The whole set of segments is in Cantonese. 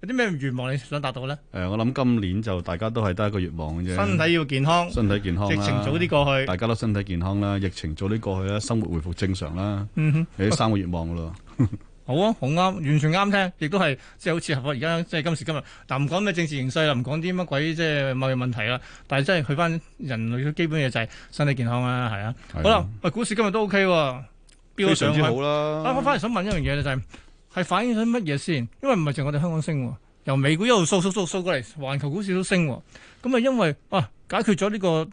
有啲咩願望你想達到咧？誒、呃，我諗今年就大家都係得一個願望嘅啫。身體要健康，身體健康啦。疫情早啲過去，大家都身體健康啦。疫情早啲過去啦，生活回復正常啦。嗯哼，你啲三個願望噶咯。啊 好啊，好啱，完全啱聽，亦都係即係好似合。而家即係今時今日，但唔講咩政治形勢啦，唔講啲乜鬼即係貿易問題啦。但係真係去翻人類嘅基本嘢就係身體健康啦，係啊。啊啊好啦，喂，股市今日都 OK 喎、啊，表現好啦、啊。我翻嚟想問一樣嘢就係、是。係反映緊乜嘢先？因為唔係淨我哋香港升，由美股一路掃掃掃掃過嚟，環球股市都升。咁啊，因為哇、啊，解決咗呢個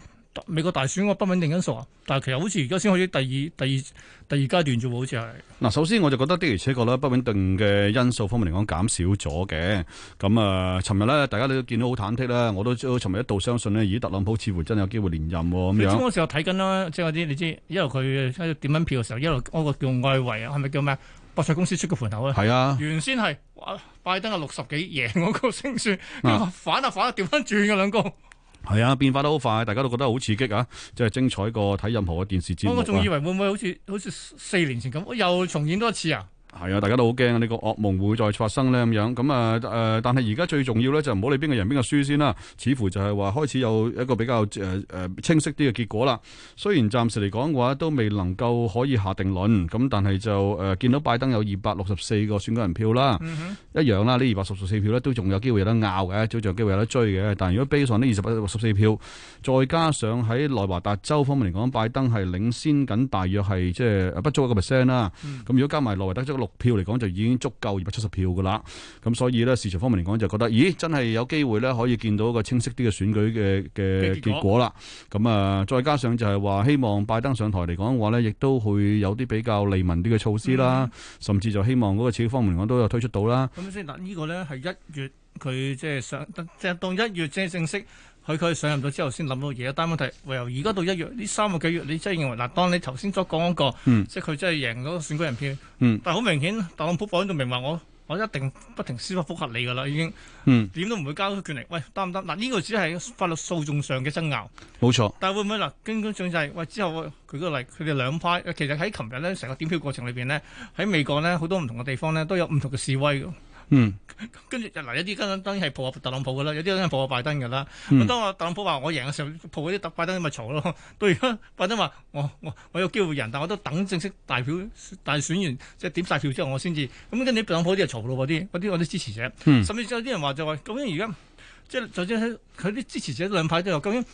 美國大選個不穩定因素啊。但係其實好似而家先開始第二、第二、第二階段啫好似係。嗱，首先我就覺得，、啊、覺得而的而且確咧不穩定嘅因素方面嚟講減少咗嘅。咁啊，尋、呃、日咧，大家都見到好忐忑啦。我都尋日一度相信呢，咦，特朗普似乎真係有機會連任咁樣。我你中午嘅時候睇緊啦，即係嗰啲你知，一路佢喺度點緊票嘅時候一路嗰個叫外圍啊，係咪叫咩？博彩公司出個盤頭咧，係啊，原先係拜登啊六十幾贏嗰個勝算，啊反啊反啊調翻轉嘅兩個，係啊變化得好快，大家都覺得好刺激啊，真係精彩過睇任何嘅電視節目。啊啊、我仲以為會唔會好似好似四年前咁，又重演多一次啊？係啊，大家都好驚啊！呢、這個噩夢會再發生咧咁樣。咁啊誒，但係而家最重要咧就唔好理邊個贏邊個輸先啦。似乎就係話開始有一個比較誒誒、呃、清晰啲嘅結果啦。雖然暫時嚟講嘅話都未能夠可以下定論，咁但係就誒、呃、見到拜登有二百六十四個選舉人票啦。一、嗯、哼樣啦，呢二百六十四票咧都仲有機會有得拗嘅，仲有機會有得追嘅。但如果 base 上呢二百六十四票，再加上喺內華達州方面嚟講，拜登係領先緊大約係即係不足一個 percent 啦。咁、嗯、如果加埋內華達州六。票嚟講就已經足夠二百七十票噶啦，咁所以咧市場方面嚟講就覺得，咦，真係有機會咧可以見到一個清晰啲嘅選舉嘅嘅結果啦。咁、嗯、啊，再加上就係話希望拜登上台嚟講嘅話咧，亦都會有啲比較利民啲嘅措施啦，嗯、甚至就希望嗰個刺激方面嚟講都有推出到啦。咁先、嗯，嗱呢個咧係一月佢即係上即係當一月即係正式。佢佢上任咗之後先諗到嘢，但係問題由而家到一月呢三個幾月，你真係認為嗱？當你頭先所講嗰個，嗯、即係佢真係贏咗個選舉人票，嗯、但係好明顯，特朗普講咗明話，我我一定不停司法覆核你噶啦，已經點、嗯、都唔會交出權力。喂，得唔得？嗱、啊，呢、呢個只係法律訴訟上嘅爭拗，冇錯。但係會唔會嗱，根本就係，喂之後舉個例，佢哋兩派，其實喺琴日咧，成個點票過程裏邊咧，喺美國咧好多唔同嘅地方咧都有唔同嘅示威的。嗯，跟住嗱，有啲根本當然係抱阿特朗普噶啦，有啲當然抱阿拜登噶啦。咁、嗯、當我特朗普話我贏嘅時候，抱嗰啲特拜登咪嘈咯。到而家拜登話我我，我有機會贏，但我都等正式大票大選完即係、就是、點晒票之後我，我先至。咁、嗯、跟住特朗普啲就嘈咯，啲嗰啲嗰啲支持者，甚至有啲人話就話，究竟而家即係就算佢佢啲支持者兩派都有，究竟？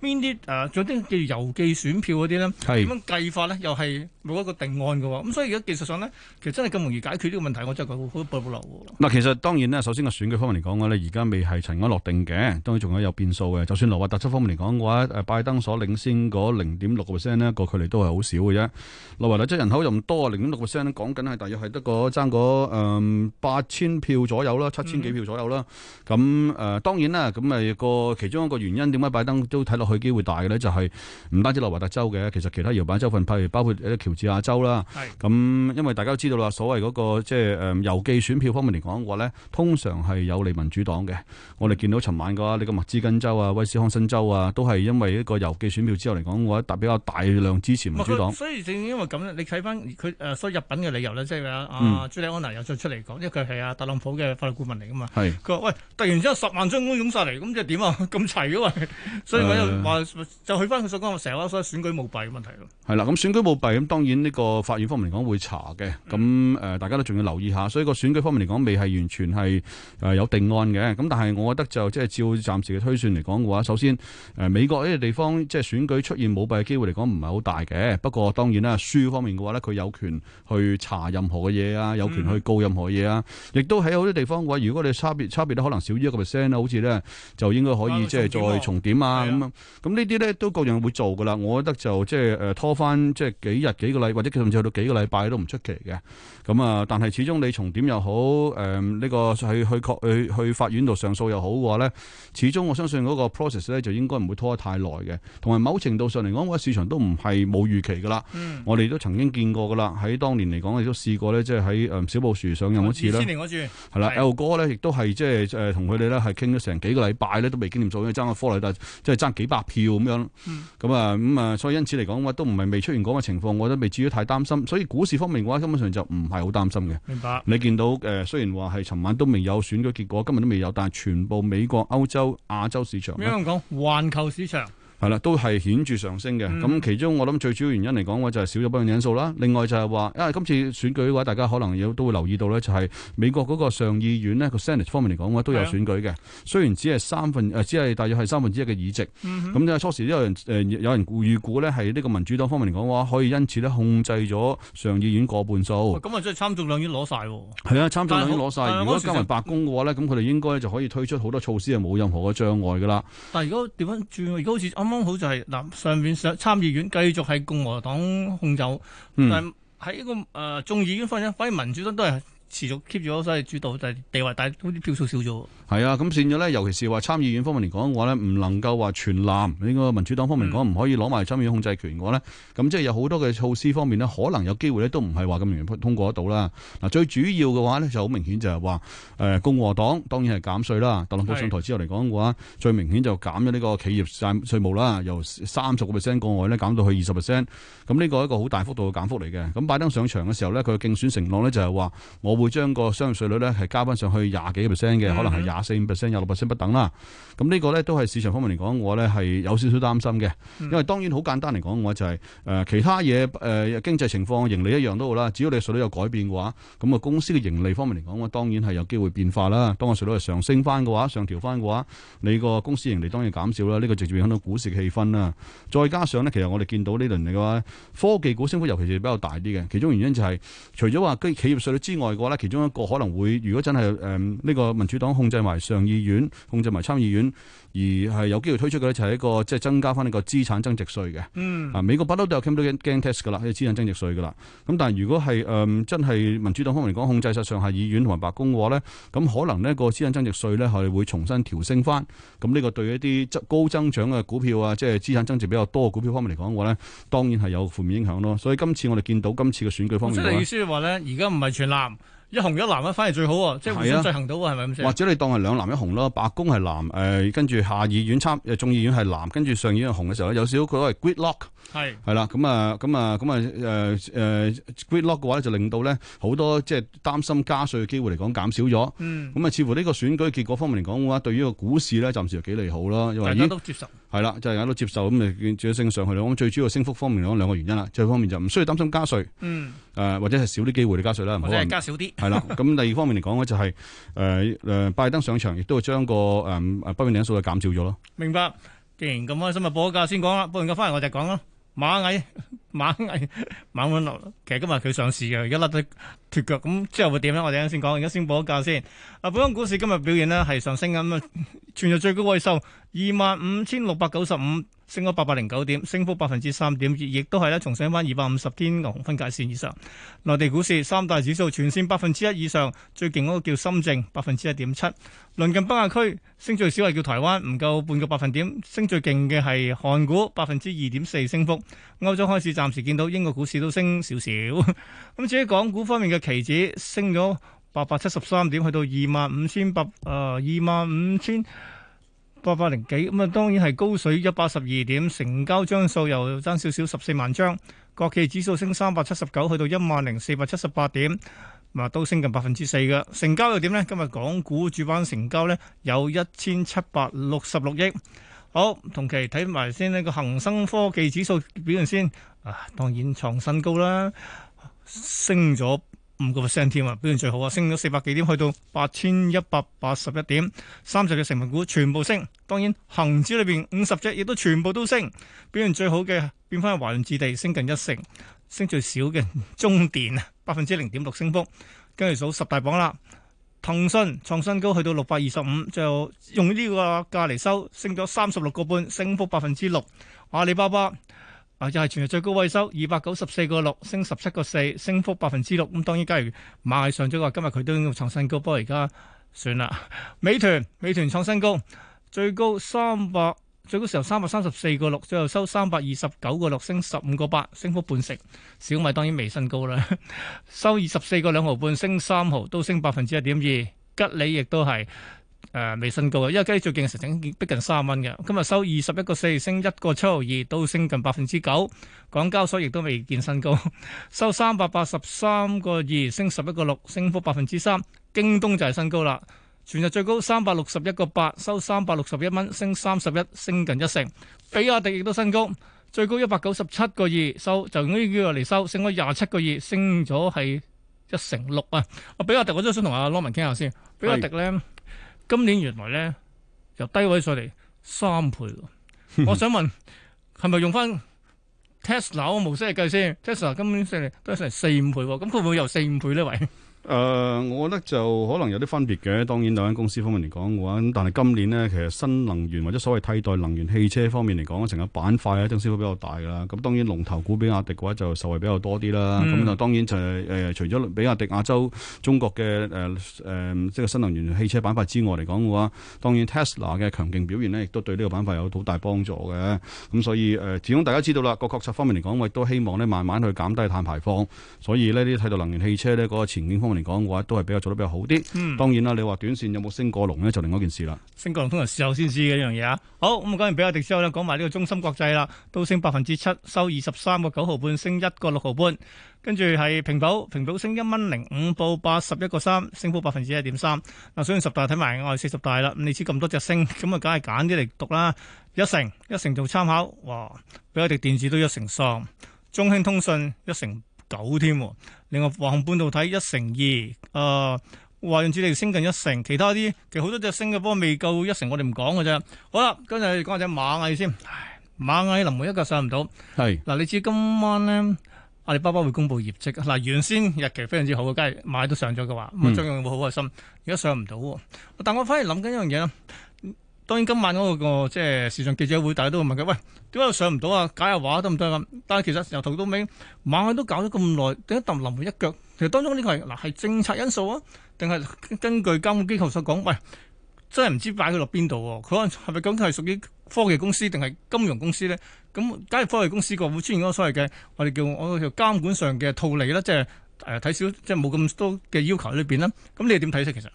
邊啲誒，仲、呃、有啲叫郵寄選票嗰啲咧？係咁樣計法咧？又係冇一個定案嘅喎。咁所以而家技術上咧，其實真係咁容易解決呢個問題，我真係覺得好保留喎。嗱，其實當然咧，首先個選舉方面嚟講嘅咧，而家未係塵埃落定嘅，當然仲有有變數嘅。就算內華達州方面嚟講嘅話，誒，拜登所領先嗰零點六個 percent 呢個距離都係好少嘅啫。內華達州人口又唔多，零點六個 percent 咧，講緊係大約係得個爭嗰誒八千票左右啦，七千幾票左右啦。咁誒、嗯呃，當然啦，咁誒個其中一個原因，點解拜登都睇落？佢機會大嘅咧，就係唔單止內華達州嘅，其實其他搖擺州份，譬如包括喬治亞州啦，咁是、嗯、因為大家都知道啦，所謂嗰、那個即係誒郵寄選票方面嚟講嘅話咧，通常係有利民主黨嘅。我哋見到尋晚嘅話，呢個密芝根州啊、威斯康辛州啊，都係因為一個郵寄選票之後嚟講，嘅話都比較大量支持民主黨。所以正因為咁你睇翻佢誒所以入稟嘅理由咧，即係啊，呃嗯、朱莉安娜又再出嚟講，因為佢係啊特朗普嘅法律顧問嚟嘅嘛，佢話是喂，突然之間十萬張湧晒嚟，咁即係點啊？咁齊嘅、啊、嘛，所以話就去翻佢所講，我成日話所以選舉舞弊嘅問題咯。係啦，咁選舉舞弊咁，當然呢個法院方面嚟講會查嘅。咁誒、嗯呃，大家都仲要留意下。所以個選舉方面嚟講，未係完全係誒、呃、有定案嘅。咁但係我覺得就即係、就是、照暫時嘅推算嚟講嘅話，首先誒、呃、美國呢個地方即係、就是、選舉出現舞弊嘅機會嚟講唔係好大嘅。不過當然啦，書方面嘅話咧，佢有權去查任何嘅嘢啊，有權去告任何嘢啊。亦都喺好多地方嘅話，如果你差別差別可能少於一個 percent 好似咧就應該可以、啊、即係再重點啊咁啊。的咁、嗯、呢啲咧都各樣會做噶啦，我覺得就、呃、即係拖翻即係幾日幾個禮或者甚至去到幾個禮拜都唔出奇嘅。咁、嗯、啊，但係始終你從點又好誒呢、嗯這個去去去去法院度上訴又好嘅話咧，始終我相信嗰個 process 咧就應該唔會拖得太耐嘅。同埋某程度上嚟講，我覺得市場都唔係冇預期噶啦。嗯，我哋都曾經見過噶啦，喺當年嚟講，你都試過咧，即係喺小布殊上任嗰、嗯、次啦。二千年嗰次係啦，L 哥咧亦都係即係同佢哋咧係傾咗成幾個禮拜咧都未傾掂數，因為爭科尼特即係爭幾百。投票咁樣，咁啊咁啊，所以因此嚟講，話都唔係未出現嗰個情況，我都未至於太擔心。所以股市方面嘅話，根本上就唔係好擔心嘅。明白。你見到誒、呃，雖然話係尋晚都未有選嘅結果，今日都未有，但係全部美國、歐洲、亞洲市場點樣講環球市場？係啦，都係顯著上升嘅。咁其中我諗最主要原因嚟講嘅話，就係少咗不穩定因素啦。另外就係話，因為今次選舉嘅話，大家可能也都會留意到咧，就係美國嗰個上議院呢個 Senate 方面嚟講嘅話，都有選舉嘅。是的雖然只係三分，誒、呃、只係大約係三分之一嘅議席。咁咧、嗯、哼初時都有人誒、呃、有人預估咧，係呢個民主黨方面嚟講嘅話，可以因此咧控制咗上議院過半數。咁啊，即係參眾兩院攞晒。係啊，參眾兩院攞晒。如果加埋白宮嘅話咧，咁佢哋應該就可以推出好多措施，係冇任何嘅障礙噶啦。但係如果調翻轉，如果好似啱啱好就係、是、嗱，上面上參議院繼續係共和黨控走，嗯、但喺呢個誒、呃、眾議院方面，反而民主黨都係。持續 keep 住咗所謂主導，但係地位但係好似票數少咗。係啊，咁算咗咧，尤其是話參議院方面嚟講嘅話咧，唔能夠話全攬呢、這個民主黨方面嚟講，唔、嗯、可以攞埋參議院控制權嘅話咧，咁即係有好多嘅措施方面咧，可能有機會咧都唔係話咁容易通過得到啦。嗱，最主要嘅話咧就好明顯就係話，誒、呃、共和黨當然係減稅啦。特朗普上台之後嚟講嘅話，是最明顯就減咗呢個企業稅稅務啦，由三十個 percent 個外咧減到去二十 percent，咁呢個係一個好大幅度嘅減幅嚟嘅。咁拜登上場嘅時候咧，佢嘅競選承諾咧就係話我。會將個商業稅率咧係加翻上去廿幾個 percent 嘅，可能係廿四五 percent，廿六 percent 不等啦。咁、這、呢個咧都係市場方面嚟講，我咧係有少少擔心嘅。因為當然好簡單嚟講我就係、是、誒、呃、其他嘢、誒、呃、經濟情況、盈利一樣都好啦。只要你稅率有改變嘅話，咁，啊公司嘅盈利方面嚟講，我當然係有機會變化啦。當個稅率係上升翻嘅話，上調翻嘅話，你個公司盈利當然減少啦。呢、這個直接影響到股市嘅氣氛啦。再加上咧，其實我哋見到呢輪嚟嘅話，科技股升幅尤其是比較大啲嘅。其中原因就係、是、除咗話企業稅率之外的話其中一個可能會，如果真係誒呢個民主黨控制埋上議院、控制埋參議院，而係有機會推出嘅咧，就係一個即係增加翻呢個資產增值稅嘅。嗯。啊，美國不嬲都，都有 capital gains tax 噶啦，係資產增值稅噶啦。咁、嗯、但係如果係誒、呃、真係民主黨方面嚟講，控制晒上下議院同埋白宮嘅話咧，咁、嗯、可能呢個資產增值稅咧係會重新調升翻。咁、嗯、呢個對一啲高增長嘅股票啊，即係資產增值比較多嘅股票方面嚟講嘅話咧，當然係有負面影響咯。所以今次我哋見到今次嘅選舉方面，即係意思係話咧，而家唔係全藍。一紅一藍咧、啊，反而最好啊！即係互相進行到、啊，係咪咁先？或者你當係兩藍一紅咯，白宮係藍，誒、呃，跟住下議院參，誒，眾議院係藍，跟住上議院紅嘅時候有少少佢都係 gridlock，係係啦是，咁啊，咁啊，咁啊，誒，誒、呃呃、，gridlock 嘅話就令到咧好多即係擔心加稅嘅機會嚟講減少咗。咁啊、嗯，那似乎呢個選舉結果方面嚟講嘅話，對於個股市咧，暫時又幾利好啦。因為大家都接受係啦，就係大家都接受，咁啊，主、就、要、是、升上嚟講，最主要的升幅方面講兩個原因啦。最一方面就唔需要擔心加稅。嗯。誒或者係少啲機會去加稅啦，或者係加少啲係啦。咁第二方面嚟講咧，就係誒誒拜登上場，亦都會將個誒不穩定因素係減少咗咯。明白。既然咁開心，咪報一價先講啦。報完價翻嚟我就講啦。螞蟻，螞蟻慢慢落。其實今日佢上市嘅，而家甩得。脫腳咁之後會點呢？我哋而家先講，而家先報一價先。啊，本港股市今日表現呢係上升嘅，咁啊全日最高位收二萬五千六百九十五，25, 95, 升咗八百零九點，升幅百分之三點二，亦都係咧重上翻二百五十天牛熊分界綫以上。內地股市三大指數全綫百分之一以上，最勁嗰個叫深證百分之一點七。鄰近北亞區升最少係叫台灣，唔夠半個百分點，升最勁嘅係韓股百分之二點四升幅。歐洲開始暫時見到英國股市都升少少。咁至於港股方面嘅。期指升咗八百七十三點，去到二萬五千八，誒二萬五千八百零幾，咁啊，當然係高水一百十二點，成交張數又爭少少十四萬張。國企指數升三百七十九，去到一萬零四百七十八點，嘛都升近百分之四嘅。成交又點呢？今日港股主板成交呢有一千七百六十六億。好，同期睇埋先呢個恒生科技指數表現先，啊，當然創新高啦，升咗。五個 percent 添啊，表現最好啊，升咗四百幾點，去到八千一百八十一點，三十隻成分股全部升，當然恒指裏邊五十隻亦都全部都升，表現最好嘅變翻係華潤置地，升近一成升，升最少嘅中電百分之零點六升幅，跟住數十大榜啦，騰訊創新高去到六百二十五，就用呢個價嚟收，升咗三十六個半，升幅百分之六，阿里巴巴。啊！又係全日最高位收二百九十四個六，升十七個四，升幅百分之六。咁當然，假如買上咗嘅話，今日佢都應該創新高。不過而家算啦。美團，美團創新高，最高三百，最高時候三百三十四個六，最後收三百二十九個六，升十五個八，升幅半成。小米當然未新高啦，收二十四個兩毫半，升三毫，都升百分之一點二。吉利亦都係。誒，未新高啊！因為佢最近成整逼近三蚊嘅，今日收二十一個四，升一個七毫二，都升近百分之九。港交所亦都未見新高，收三百八十三個二，升十一個六，升幅百分之三。京東就係新高啦，全日最高三百六十一個八，收三百六十一蚊，升三十一，升近一成。比亞迪亦都新高，最高一百九十七個二，收就用呢個月嚟，收，升咗廿七個二，升咗係一成六啊。我比亞迪我都想同阿 Norman 傾下先，比亞迪呢。今年原來咧，由低位上嚟三倍。 我想問係咪用翻 Tesla 模式嚟計先？Tesla 今年上嚟都係上嚟四五倍喎，咁佢會唔會由四五倍呢喂。誒，我覺得就可能有啲分別嘅。當然兩間公司方面嚟講嘅話，咁但係今年咧，其實新能源或者所謂替代能源汽車方面嚟講，成個板塊咧，漲幅比較大啦。咁當然龍頭股比亞迪嘅話就受惠比較多啲啦。咁啊，當然就係誒，除咗比亞迪亞洲中國嘅誒誒，即係新能源汽車板塊之外嚟講嘅話，當然 Tesla 嘅強勁表現咧，亦都對呢個板塊有好大幫助嘅。咁所以誒，始終大家知道啦，個確實方面嚟講，我亦都希望咧慢慢去減低碳排放，所以咧啲替代能源汽車咧嗰個前景方面。嚟講嘅話，都係比較做得比較好啲。嗯、當然啦，你話短線有冇升過龍呢？就另一件事啦。升過龍通常事後先知嘅一樣嘢啊。好咁，咁講完比亞迪之後呢，講埋呢個中芯國際啦，都升百分之七，收二十三個九毫半，升一個六毫半。跟住係平保，平保升一蚊零五，報八十一個三，升幅百分之一點三。嗱，所以十大睇埋我哋四十大啦。你知咁多隻升，咁啊，梗係揀啲嚟讀啦。一成，一成做參考，哇！比亞迪電子都一成三，中興通訊一成。九添，另外華虹半導體一成二，誒華潤置地升近一成，其他啲其實好多隻升嘅，不過未夠一成，我哋唔講嘅啫。好啦，跟住講下隻螞蟻先，螞蟻臨門一腳上唔到，係嗱，你知今晚咧阿里巴巴會公布業績，嗱原先日期非常之好嘅，梗係螞蟻都上咗嘅話，咁仲有冇好開心？而家上唔到，但我反而諗緊一樣嘢。當然今晚嗰個即係時尚記者會，大家都會問佢：喂，點解又上唔到啊？假下話得唔得咁？但係其實由頭到尾，猛都搞咗咁耐，點解揼臨門一腳？其實當中呢個係嗱係政策因素啊，定係根據監管機構所講？喂，真係唔知擺佢落邊度喎？佢可能係咪究竟係屬於科技公司定係金融公司咧？咁假如科技公司個會出現嗰個所謂嘅我哋叫我叫監管上嘅套利啦，即係誒睇少，即係冇咁多嘅要求裏面啦。咁你點睇識其實？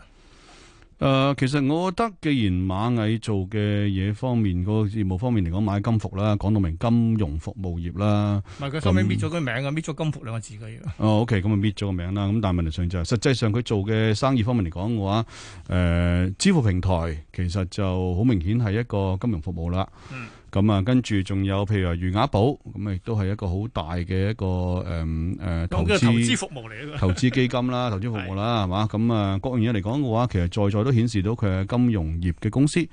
誒，其實我覺得，既然螞蟻做嘅嘢方面個業務方面嚟講，買金服啦，講到明金融服務業啦，咪佢後尾搣咗個名啊，搣咗金服兩個字嘅。哦，OK，咁啊搣咗個名啦，咁但係問題上就係，實際上佢做嘅生意方面嚟講嘅話，誒，支付平台其實就好明顯係一個金融服務啦。嗯。咁啊，跟住仲有譬如話，餘額寶咁亦都係一個好大嘅一個誒誒、嗯、投資投資服務嚟投資基金啦，投資服務啦，係嘛？咁啊，各樣嘢嚟講嘅話，其實在在都顯示到佢係金融業嘅公司。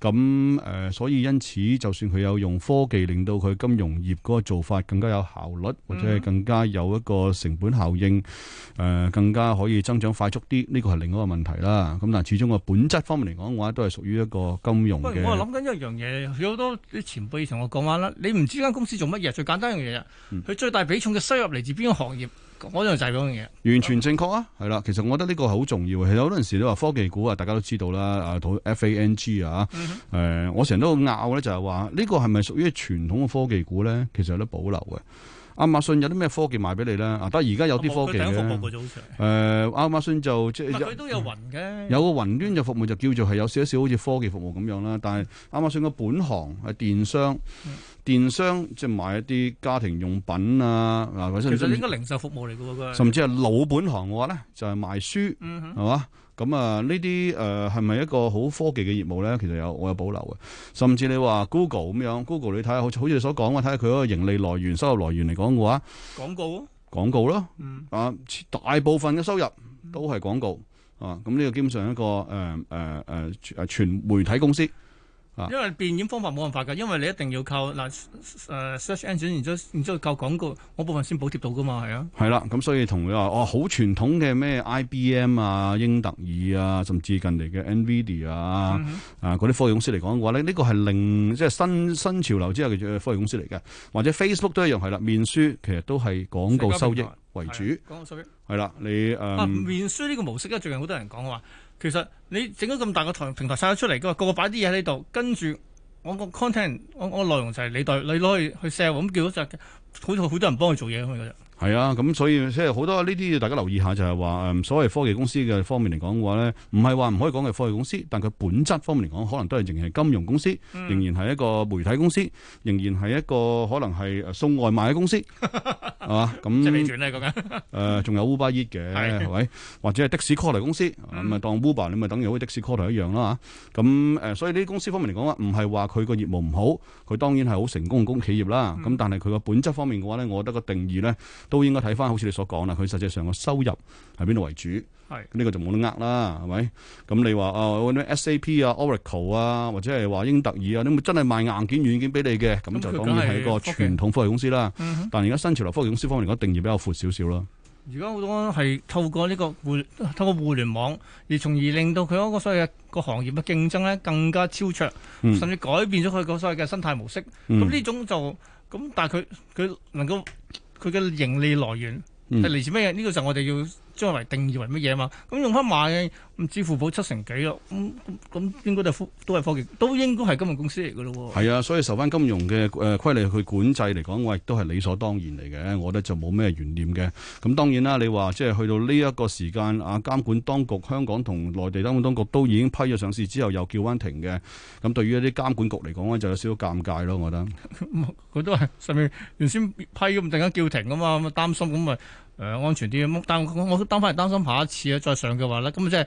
咁、呃、所以因此，就算佢有用科技令到佢金融業嗰個做法更加有效率，或者係更加有一個成本效應，誒、呃、更加可以增長快速啲，呢、這個係另一個問題啦。咁但係始終個本質方面嚟講嘅話，都係屬於一個金融嘅。喂，我諗緊一樣嘢，有好多啲前輩同我講話啦，你唔知間公司做乜嘢，最簡單一樣嘢啊，佢最大比重嘅收入嚟自邊個行業。我就就係講嘢，完全正確啊，係啦。其實我覺得呢個係好重要。其實好多陣時都話科技股啊，大家都知道啦，啊、嗯哼，同 FANG 啊，誒，我成日都拗咧，就係話呢個係咪屬於傳統嘅科技股咧？其實有得保留嘅。亞馬遜有啲咩科技賣俾你咧？啊，但係而家有啲科技咧。佢提供服務嘅早上，誒、呃，亞馬遜就即係。佢都有雲嘅。有個雲端嘅服務就叫做係有少少好似科技服務咁樣啦。但係亞馬遜嘅本行係電商，嗯、電商即係賣一啲家庭用品啊，嗱，其實應該零售服務嚟嘅喎，佢甚至係老本行嘅話咧，就係賣書，係嘛、嗯哼？咁啊，呢啲誒係咪一個好科技嘅業務咧？其實有我有保留嘅，甚至你話 Google 咁樣，Google 你睇下，好似好似所講嘅，睇下佢嗰個盈利來源、收入來源嚟講嘅話，廣告，廣告咯，嗯，啊，大部分嘅收入都係廣告，啊，咁呢個基本上一個誒誒誒誒全媒體公司。因為變現方法冇辦法㗎，因為你一定要靠嗱、呃、Search Engine，然之後然之後靠廣告我部分先補貼到㗎嘛，係啊。係啦，咁所以同你話，哇、哦，好傳統嘅咩 IBM 啊、英特爾啊，甚至近嚟嘅 NVIDIA 啊、嗯、哼啊嗰啲科技公司嚟講嘅話咧，呢、呢個係另即係新新潮流之下嘅科技公司嚟嘅，或者 Facebook 都一樣係啦，面書其實都係廣告收益為主。廣告收益係啦，你、嗯啊、面書呢個模式咧，最近好多人講話。其實你整咗咁大個台、平台晒咗出嚟，佢個個擺啲嘢喺呢度，跟住我個 content，我我內容就係你代你攞去去 sell，咁叫咗就係，好好多人幫佢做嘢咁樣。係啊，咁所以即係好多呢啲，大家留意下就係話誒，所謂科技公司嘅方面嚟講嘅話咧，唔係話唔可以講係科技公司，但佢本質方面嚟講，可能都係仍然係金融公司，仍然係一個媒體公司，仍然係一個可能係送外賣嘅公司，係嘛？咁即係未轉咧，而家誒，仲有 Uber Eat 嘅，係咪？或者係的士 call 嚟公司咁啊？當 Uber 你咪等於好似的士 call 台一樣啦嚇。咁誒，所以呢啲公司方面嚟講咧，唔係話佢個業務唔好，佢當然係好成功嘅企業啦。咁但係佢個本質方面嘅話咧，我覺得個定義咧。都應該睇返，好似你所講啦，佢實際上個收入喺邊度為主？係呢是個就冇得呃啦，係咪？咁你話啊，SAP 啊、哦、AP, Oracle 啊，或者係話英特爾啊，你咪真係賣硬件、軟件俾你嘅？咁、嗯、就當然係個傳統科技公司啦。嗯、哼但係而家新潮流科技公司方面嚟講，定義比較闊少少啦。而家好多係透過呢、呢個互透過互聯網，而從而令到佢嗰個所謂個行業嘅競爭咧更加超卓，嗯、甚至改變咗佢嗰所謂嘅生態模式。咁呢、嗯、種就咁，但係佢佢能夠。佢嘅盈利來源係嚟自咩？呢、嗯呢個時候我哋要。將嚟定義為乜嘢嘛？咁用翻買支付寶七成幾咯？咁咁應該都係科都科技，都應該係金融公司嚟嘅咯。係啊，所以受翻金融嘅、呃、規例去管制嚟講，我亦都係理所當然嚟嘅。我覺得就冇咩懸念嘅。咁當然啦，你話即係去到呢一個時間，啊監管當局香港同內地監管當局都已經批咗上市之後，又叫翻停嘅。咁對於一啲監管局嚟講咧，就有少少尷尬咯。我覺得佢 都係上面原先批咁，突然間叫停啊嘛，咁擔心咁咪。誒、呃、安全啲，但我我擔翻係擔心下一次啊，再上嘅話咧，咁即係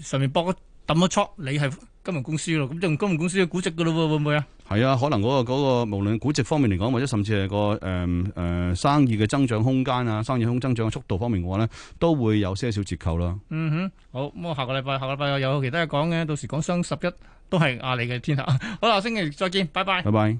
上面博一抌一 c 你係金融公司咯，咁就金融公司嘅估值噶咯喎，會唔會啊？係啊，可能嗰、那個嗰、那個無論估值方面嚟講，或者甚至係、那個誒誒、呃呃、生意嘅增長空間啊，生意空增長嘅速度方面嘅話咧，都會有些少折扣啦。嗯哼，好，咁我下個禮拜下個禮拜有其他嘢講嘅，到時講雙十一都係阿里嘅天下。好啦，星期日再見，拜拜，拜拜。